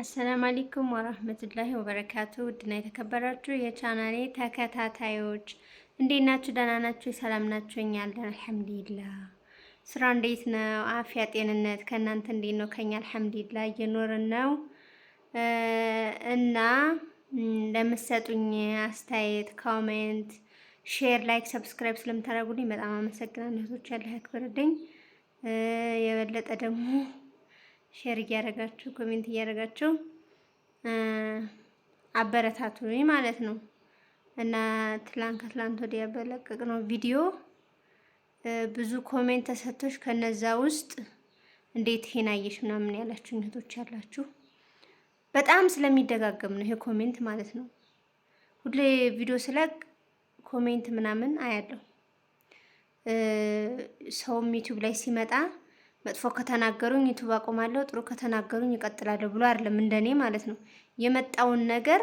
አሰላም አለይኩም ወራህመቱላሂ ወበረካቱ። ውድና የተከበራችሁ የቻናሌ ተከታታዮች እንዴት ናችሁ? ደህና ናችሁ? ሰላም ናችሁ? እኛ አለን አልሐምዱሊላህ። ስራ እንዴት ነው? አፍያ፣ ጤንነት ከእናንተ እንዴት ነው? ከኛ አልሐምዱሊላህ እየኖርን ነው እና ለምትሰጡኝ አስተያየት፣ ኮሜንት፣ ሼር፣ ላይክ፣ ሰብስክራይብ ስለምታደርጉልኝ በጣም አመሰግናለሁ። እህቶች ያለ ያክብርልኝ። የበለጠ ደግሞ ሼር እያደረጋችሁ ኮሜንት እያደረጋችሁ አበረታቱኝ ማለት ነው። እና ትላንት ከትላንት ወዲያ በለቀቅ ነው ቪዲዮ ብዙ ኮሜንት ተሰጥቶች ከነዛ ውስጥ እንዴት ይሄን አየሽ ምናምን ያላችሁ እህቶች አላችሁ። በጣም ስለሚደጋገም ነው ይሄ ኮሜንት ማለት ነው። ሁሌ ቪዲዮ ስለቅ ኮሜንት ምናምን አያለሁ ሰውም ዩቲዩብ ላይ ሲመጣ መጥፎ ከተናገሩኝ ዩቱብ አቆማለሁ፣ ጥሩ ከተናገሩኝ ይቀጥላለሁ ብሎ አይደለም። እንደኔ ማለት ነው የመጣውን ነገር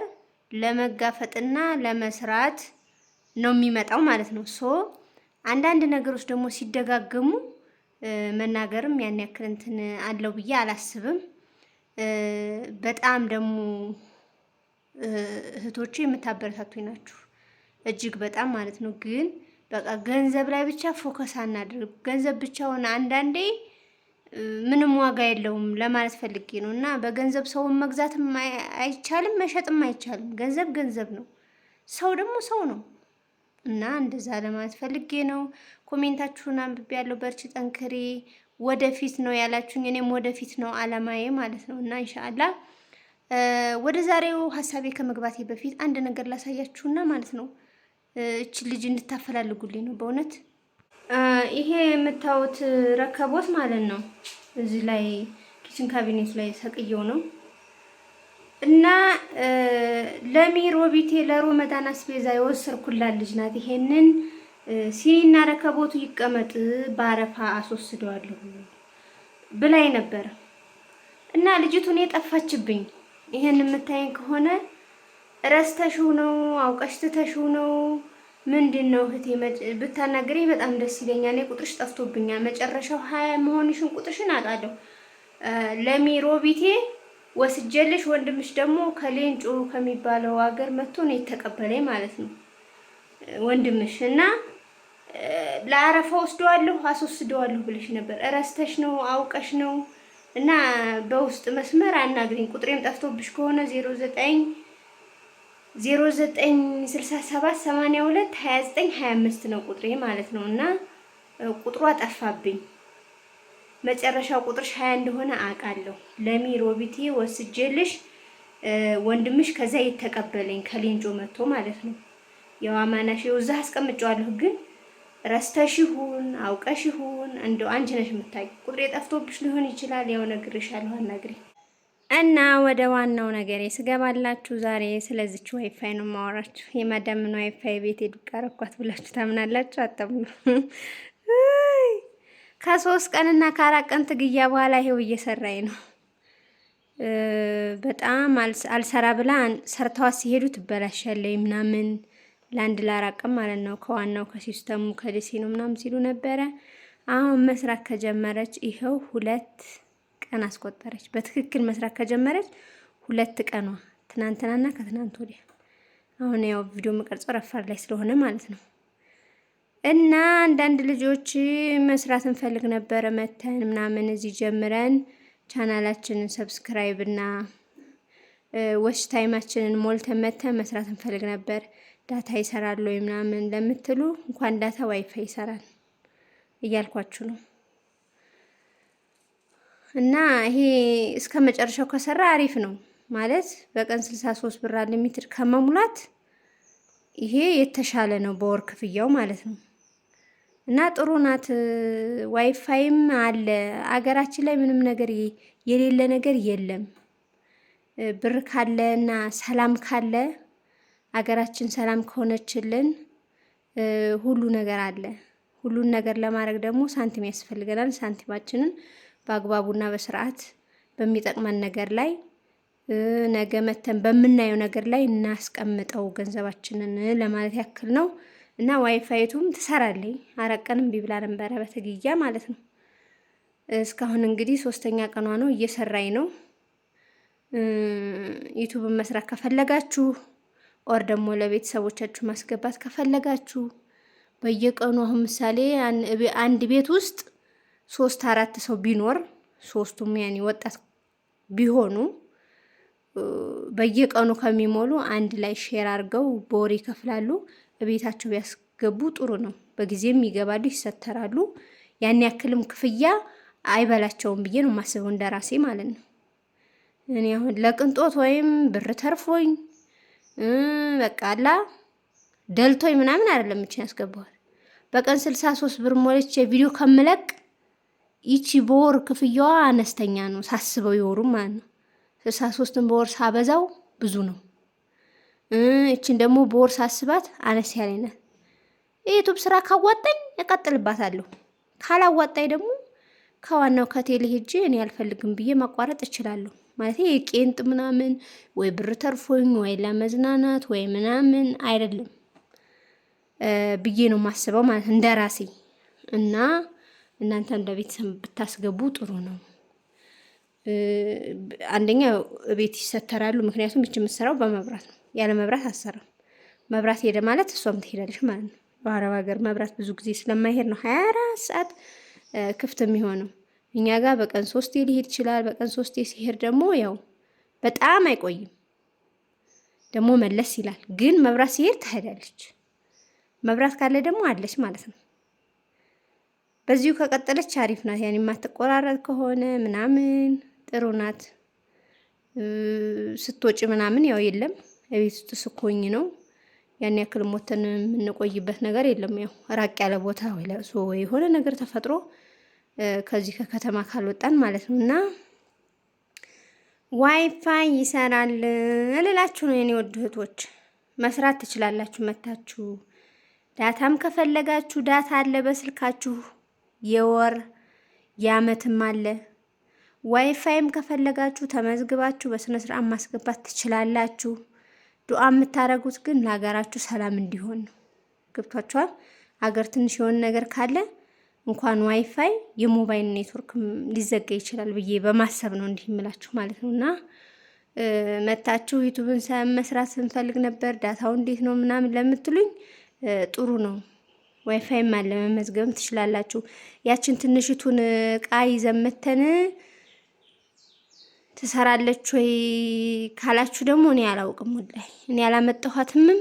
ለመጋፈጥና ለመስራት ነው የሚመጣው ማለት ነው። ሶ አንዳንድ ነገሮች ደግሞ ሲደጋገሙ መናገርም ያን ያክል እንትን አለው ብዬ አላስብም። በጣም ደግሞ እህቶቹ የምታበረታቱኝ ናችሁ እጅግ በጣም ማለት ነው። ግን በቃ ገንዘብ ላይ ብቻ ፎከስ አናድርግ። ገንዘብ ብቻውን አንዳንዴ ምንም ዋጋ የለውም ለማለት ፈልጌ ነው። እና በገንዘብ ሰውን መግዛትም አይቻልም፣ መሸጥም አይቻልም። ገንዘብ ገንዘብ ነው፣ ሰው ደግሞ ሰው ነው። እና እንደዛ ለማለት ፈልጌ ነው። ኮሜንታችሁን አንብቤ ያለው በርቺ፣ ጠንክሪ፣ ወደፊት ነው ያላችሁኝ። እኔም ወደፊት ነው አላማዬ ማለት ነው። እና እንሻአላ ወደ ዛሬው ሀሳቤ ከመግባቴ በፊት አንድ ነገር ላሳያችሁና ማለት ነው እች ልጅ እንድታፈላልጉልኝ ነው በእውነት ይሄ የምታዩት ረከቦት ማለት ነው። እዚህ ላይ ኪችን ካቢኔት ላይ ሰቅየው ነው እና ለሚሮቢቴ ለሮመዳን አስቤዛ የወሰድኩላት ልጅ ናት። ይሄንን ሲኒና ረከቦቱ ይቀመጥ በአረፋ አስወስደዋለሁ ብላኝ ነበር እና ልጅቱን የጠፋችብኝ ይሄን የምታየኝ ከሆነ ረስተሽው ነው አውቀሽ ትተሽው ነው ምንድን ነው እህቴ ብታናገሪ በጣም ደስ ይለኛል። እኔ ቁጥርሽ ጠፍቶብኛል። መጨረሻው ሀያ መሆንሽን ቁጥርሽን አውቃለሁ። ለሚሮቢቴ ወስጀልሽ ወንድምሽ ደግሞ ከሌንጮ ከሚባለው ሀገር መጥቶ ነው የተቀበለኝ ማለት ነው ወንድምሽ እና ለአረፋ ወስደዋለሁ አስወስደዋለሁ ብለሽ ነበር። እረስተሽ ነው አውቀሽ ነው እና በውስጥ መስመር አናግሪኝ። ቁጥሬም ጠፍቶብሽ ከሆነ ዜሮ ዘጠኝ 0967822925 ነው ቁጥሬ ማለት ነው። እና ቁጥሯ አጠፋብኝ መጨረሻው ቁጥር 20 እንደሆነ አውቃለሁ። ለሚ ሮቢቴ ወስጄልሽ ወንድምሽ ከዛ የተቀበለኝ ከሌንጆ መጥቶ ማለት ነው። ያው አማናሽ እዛ አስቀምጫዋለሁ። ግን ረስተሽ ይሁን አውቀሽ ይሁን እንደው አንቺ ነሽ የምታውቂው። ቁጥሬ ጠፍቶብሽ ሊሆን ይችላል። ያው ነግሬሻለሁ አናግሪኝ እና ወደ ዋናው ነገር ስገባላችሁ ዛሬ ስለዚች ዋይፋይ ነው ማወራችሁ። የመደምን ዋይፋይ ቤት ዱቅ አረኳት ብላችሁ ታምናላችሁ? አታምኑ። ከሶስት ቀንና ከአራት ቀን ትግያ በኋላ ይሄው እየሰራኝ ነው። በጣም አልሰራ ብላ ሰርተዋ ሲሄዱ ትበላሻለች ምናምን ለአንድ ቀን ማለት ነው ከዋናው ከሲስተሙ ከደሴ ነው ምናምን ሲሉ ነበረ። አሁን መስራት ከጀመረች ይኸው ሁለት ቀን አስቆጠረች። በትክክል መስራት ከጀመረች ሁለት ቀኗ ትናንትናና ከትናንት ወዲያ። አሁን ያው ቪዲዮ መቀርጾ ረፋር ላይ ስለሆነ ማለት ነው። እና አንዳንድ ልጆች መስራት እንፈልግ ነበረ መተን ምናምን እዚህ ጀምረን ቻናላችንን ሰብስክራይብ እና ወች ታይማችንን ሞልተን መተን መስራት እንፈልግ ነበር ዳታ ይሰራል ወይ ምናምን ለምትሉ እንኳን ዳታ ዋይፋይ ይሰራል እያልኳችሁ ነው። እና ይሄ እስከ መጨረሻው ከሰራ አሪፍ ነው ማለት በቀን 63 ብር ሊሚትድ ከመሙላት ይሄ የተሻለ ነው በወር ክፍያው ማለት ነው። እና ጥሩ ናት። ዋይፋይም አለ አገራችን ላይ ምንም ነገር የሌለ ነገር የለም። ብር ካለ እና ሰላም ካለ አገራችን ሰላም ከሆነችልን ሁሉ ነገር አለ። ሁሉን ነገር ለማድረግ ደግሞ ሳንቲም ያስፈልገናል። ሳንቲማችንን በአግባቡና በስርዓት በሚጠቅመን ነገር ላይ ነገ መተን በምናየው ነገር ላይ እናስቀምጠው ገንዘባችንን ለማለት ያክል ነው። እና ዋይፋይቱም ትሰራለኝ አረቀንም ቢብላ ነበረ በተግያ ማለት ነው። እስካሁን እንግዲህ ሶስተኛ ቀኗ ነው፣ እየሰራኝ ነው። ዩቱብን መስራት ከፈለጋችሁ ኦር ደግሞ ለቤተሰቦቻችሁ ማስገባት ከፈለጋችሁ በየቀኑ አሁን ምሳሌ አንድ ቤት ውስጥ ሶስት አራት ሰው ቢኖር ሶስቱም ያኔ ወጣት ቢሆኑ በየቀኑ ከሚሞሉ አንድ ላይ ሼር አድርገው በወር ይከፍላሉ። እቤታቸው ቢያስገቡ ጥሩ ነው። በጊዜም ይገባሉ፣ ይሰተራሉ። ያን ያክልም ክፍያ አይበላቸውም ብዬ ነው የማስበው፣ ራሴ ማለት ነው። እኔ አሁን ለቅንጦት ወይም ብር ተርፎኝ በቃላ ደልቶኝ ምናምን አይደለም። እችን ያስገባዋል በቀን ስልሳ ሶስት ብር ሞለች የቪዲዮ ከምለቅ ይቺ በወር ክፍያዋ አነስተኛ ነው ሳስበው፣ ይወሩም ማለት ነው። ስልሳ ሶስትን በወር ሳበዛው ብዙ ነው። እችን ደግሞ በወር ሳስባት አነስ ያለኝ ናት። የዩቱብ ስራ ካዋጣኝ እቀጥልባታለሁ፣ ካላዋጣኝ ደግሞ ከዋናው ከቴሌ ሄጄ እኔ አልፈልግም ብዬ ማቋረጥ እችላለሁ። ማለት የቄንጥ ምናምን ወይ ብር ተርፎኝ ወይ ለመዝናናት ወይ ምናምን አይደለም ብዬ ነው የማስበው ማለት እንደ ራሴ እና እናንተ እንደ ቤተሰብ ብታስገቡ ጥሩ ነው። አንደኛ ቤት ይሰተራሉ። ምክንያቱም ይች የምትሰራው በመብራት ነው። ያለ መብራት አሰራም። መብራት ሄደ ማለት እሷም ትሄዳለች ማለት ነው። በአረብ ሀገር መብራት ብዙ ጊዜ ስለማይሄድ ነው ሀያ አራት ሰዓት ክፍት የሚሆነው። እኛ ጋር በቀን ሶስቴ ሊሄድ ይችላል። በቀን ሶስቴ ሲሄድ ደግሞ ያው በጣም አይቆይም፣ ደግሞ መለስ ይላል። ግን መብራት ሲሄድ ትሄዳለች። መብራት ካለ ደግሞ አለች ማለት ነው። በዚሁ ከቀጠለች አሪፍ ናት። ያን የማትቆራረጥ ከሆነ ምናምን ጥሩ ናት። ስትወጪ ምናምን ያው የለም እቤት ውስጥ ስኮኝ ነው ያን ያክል ሞተን የምንቆይበት ነገር የለም። ያው ራቅ ያለ ቦታ ወይ ወይ የሆነ ነገር ተፈጥሮ ከዚህ ከከተማ ካልወጣን ማለት ነው እና ዋይፋይ ይሰራል እልላችሁ ነው የኔ ወድ እህቶች፣ መስራት ትችላላችሁ መታችሁ። ዳታም ከፈለጋችሁ ዳታ አለ በስልካችሁ የወር የአመትም አለ። ዋይፋይም ከፈለጋችሁ ተመዝግባችሁ በስነ ስርዓት ማስገባት ትችላላችሁ። ዱዓ የምታደርጉት ግን ለሀገራችሁ ሰላም እንዲሆን ነው። ገብቷችኋል? አገር ትንሽ የሆነ ነገር ካለ እንኳን ዋይፋይ የሞባይል ኔትወርክ ሊዘጋ ይችላል ብዬ በማሰብ ነው እንዲህ የምላችሁ ማለት ነው። እና መታችሁ ዩቱብን መስራት ስንፈልግ ነበር ዳታው እንዴት ነው ምናምን ለምትሉኝ ጥሩ ነው። ዋይፋይ ለመመዝገብም ትችላላችሁ። ያችን ትንሽቱን እቃ ይዘመተን ትሰራለች ወይ ካላችሁ ደግሞ እኔ አላውቅም። ወላሂ እኔ አላመጣኋትምም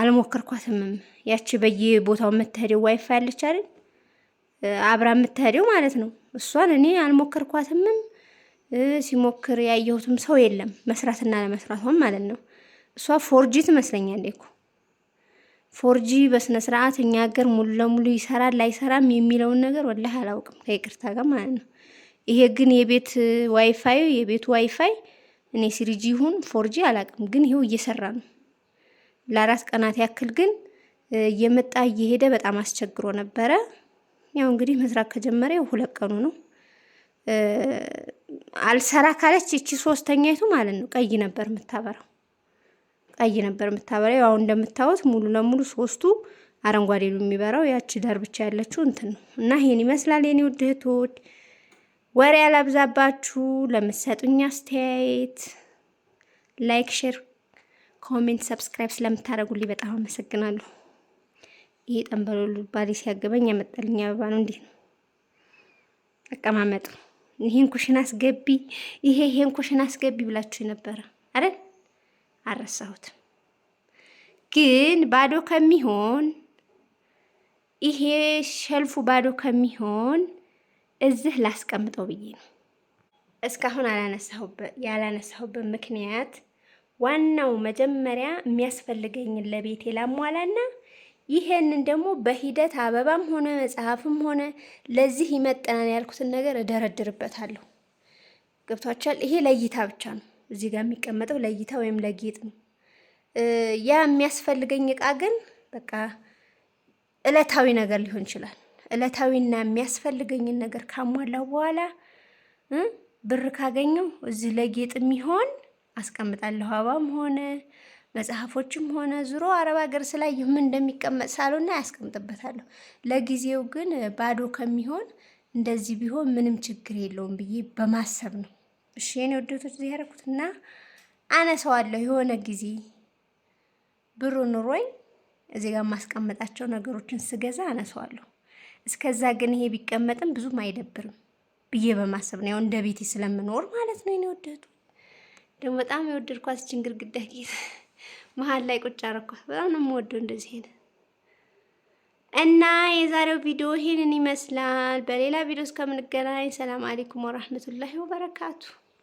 አልሞከርኳትምም። ያቺ በየቦታው የምትሄደው ዋይፋይ አለች አይደል? አብራ የምትሄደው ማለት ነው። እሷን እኔ አልሞከርኳትምም። ሲሞክር ያየሁትም ሰው የለም። መስራትና ለመስራቷም ማለት ነው። እሷ ፎርጂ ትመስለኛለች እኮ ፎርጂ በስነ ስርዓት እኛ ሀገር ሙሉ ለሙሉ ይሰራል አይሰራም የሚለውን ነገር ወላሂ አላውቅም፣ ከይቅርታ ጋር ማለት ነው። ይሄ ግን የቤት ዋይፋይ የቤቱ ዋይፋይ እኔ ሲሪጂ ይሁን ፎርጂ አላውቅም፣ ግን ይሄው እየሰራ ነው። ለአራት ቀናት ያክል ግን እየመጣ እየሄደ በጣም አስቸግሮ ነበረ። ያው እንግዲህ መስራት ከጀመረ ሁለት ቀኑ ነው። አልሰራ ካለች እቺ ሶስተኛይቱ ማለት ነው ቀይ ነበር የምታበራው። ቀይ ነበር የምታበራ። ያው እንደምታዩት ሙሉ ለሙሉ ሶስቱ አረንጓዴ ነው የሚበራው። ያቺ ዳር ብቻ ያለችው እንትን ነው እና ይሄን ይመስላል የኔ ውድ እህቶች። ወሬ ያላብዛባችሁ። ለምትሰጡኝ አስተያየት ላይክ፣ ሼር፣ ኮሜንት፣ ሰብስክራይብ ስለምታደርጉልኝ በጣም አመሰግናለሁ። ይሄ ጠንበሎሉ ባሌ ሲያገበኝ ያመጣልኝ አበባ ነው። እንዴት ነው አቀማመጡ? ይሄን ኩሽን አስገቢ፣ ይሄ ይሄን ኩሽን አስገቢ ብላችሁ ነበረ አይደል? አረሳሁት ግን ባዶ ከሚሆን ይሄ ሸልፉ ባዶ ከሚሆን እዚህ ላስቀምጠው ብዬ ነው። እስካሁን ያላነሳሁበት ምክንያት ዋናው መጀመሪያ የሚያስፈልገኝን ለቤቴ ላሟላና ይሄንን ደግሞ በሂደት አበባም ሆነ መጽሐፍም ሆነ ለዚህ ይመጠናል ያልኩትን ነገር እደረድርበታለሁ። ገብቷችኋል? ይሄ ለእይታ ብቻ ነው። እዚህ ጋር የሚቀመጠው ለእይታ ወይም ለጌጥ ነው። ያ የሚያስፈልገኝ እቃ ግን በቃ እለታዊ ነገር ሊሆን ይችላል። እለታዊና የሚያስፈልገኝን ነገር ካሟላው በኋላ ብር ካገኘው እዚህ ለጌጥ የሚሆን አስቀምጣለሁ። አበባም ሆነ መጽሐፎችም ሆነ ዙሮ አረብ ሀገር ስላየሁ ምን እንደሚቀመጥ ሳሉና ያስቀምጥበታለሁ። ለጊዜው ግን ባዶ ከሚሆን እንደዚህ ቢሆን ምንም ችግር የለውም ብዬ በማሰብ ነው። እሺ የኔ ወደቶች እዚህ ያደረኩትና አነሳዋለሁ የሆነ ጊዜ ብሩ ኑሮኝ እዚህ ጋር የማስቀምጣቸው ነገሮችን ስገዛ አነሳዋለሁ። እስከዛ ግን ይሄ ቢቀመጥም ብዙም አይደብርም ብዬ በማሰብ ነው ያው እንደ ቤቴ ስለምኖር ማለት ነው። የኔ ወደቱ ደግሞ በጣም የወደድኳት ይችን ግድግዳ ጌጥ መሀል ላይ ቁጭ አረኳት። በጣም ነው የምወደው እንደዚህ አይነት እና የዛሬው ቪዲዮ ይሄንን ይመስላል። በሌላ ቪዲዮ እስከምንገናኝ ሰላም አለይኩም ወራህመቱላሂ ወበረካቱ።